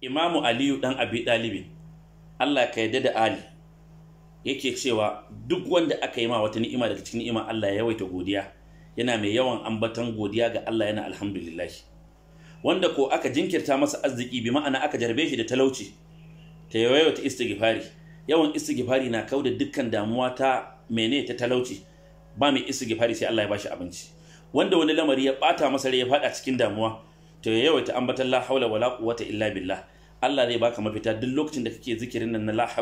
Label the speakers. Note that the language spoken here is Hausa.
Speaker 1: imamu aliyu dan abi ɗalibi allah ka yadda da ali yake cewa duk wanda aka yi ma wata ni'ima daga cikin ni'ima allah ya yawaita godiya yana mai yawan ambaton godiya ga allah yana alhamdulillah wanda ko aka jinkirta masa arziki bi ma'ana aka jarbe shi da talauci ta yawaita istighfari yawan istighfari na kauda dukkan damuwa ta mene ta talauci ba mai istighfari sai allah ya bashi abinci wanda wani lamari ya bata masa rai ya faɗa cikin damuwa to ya yawaita ambatan la haula wala quwwata illa billah Allah zai baka mafita duk lokacin da kake zikirin nan na la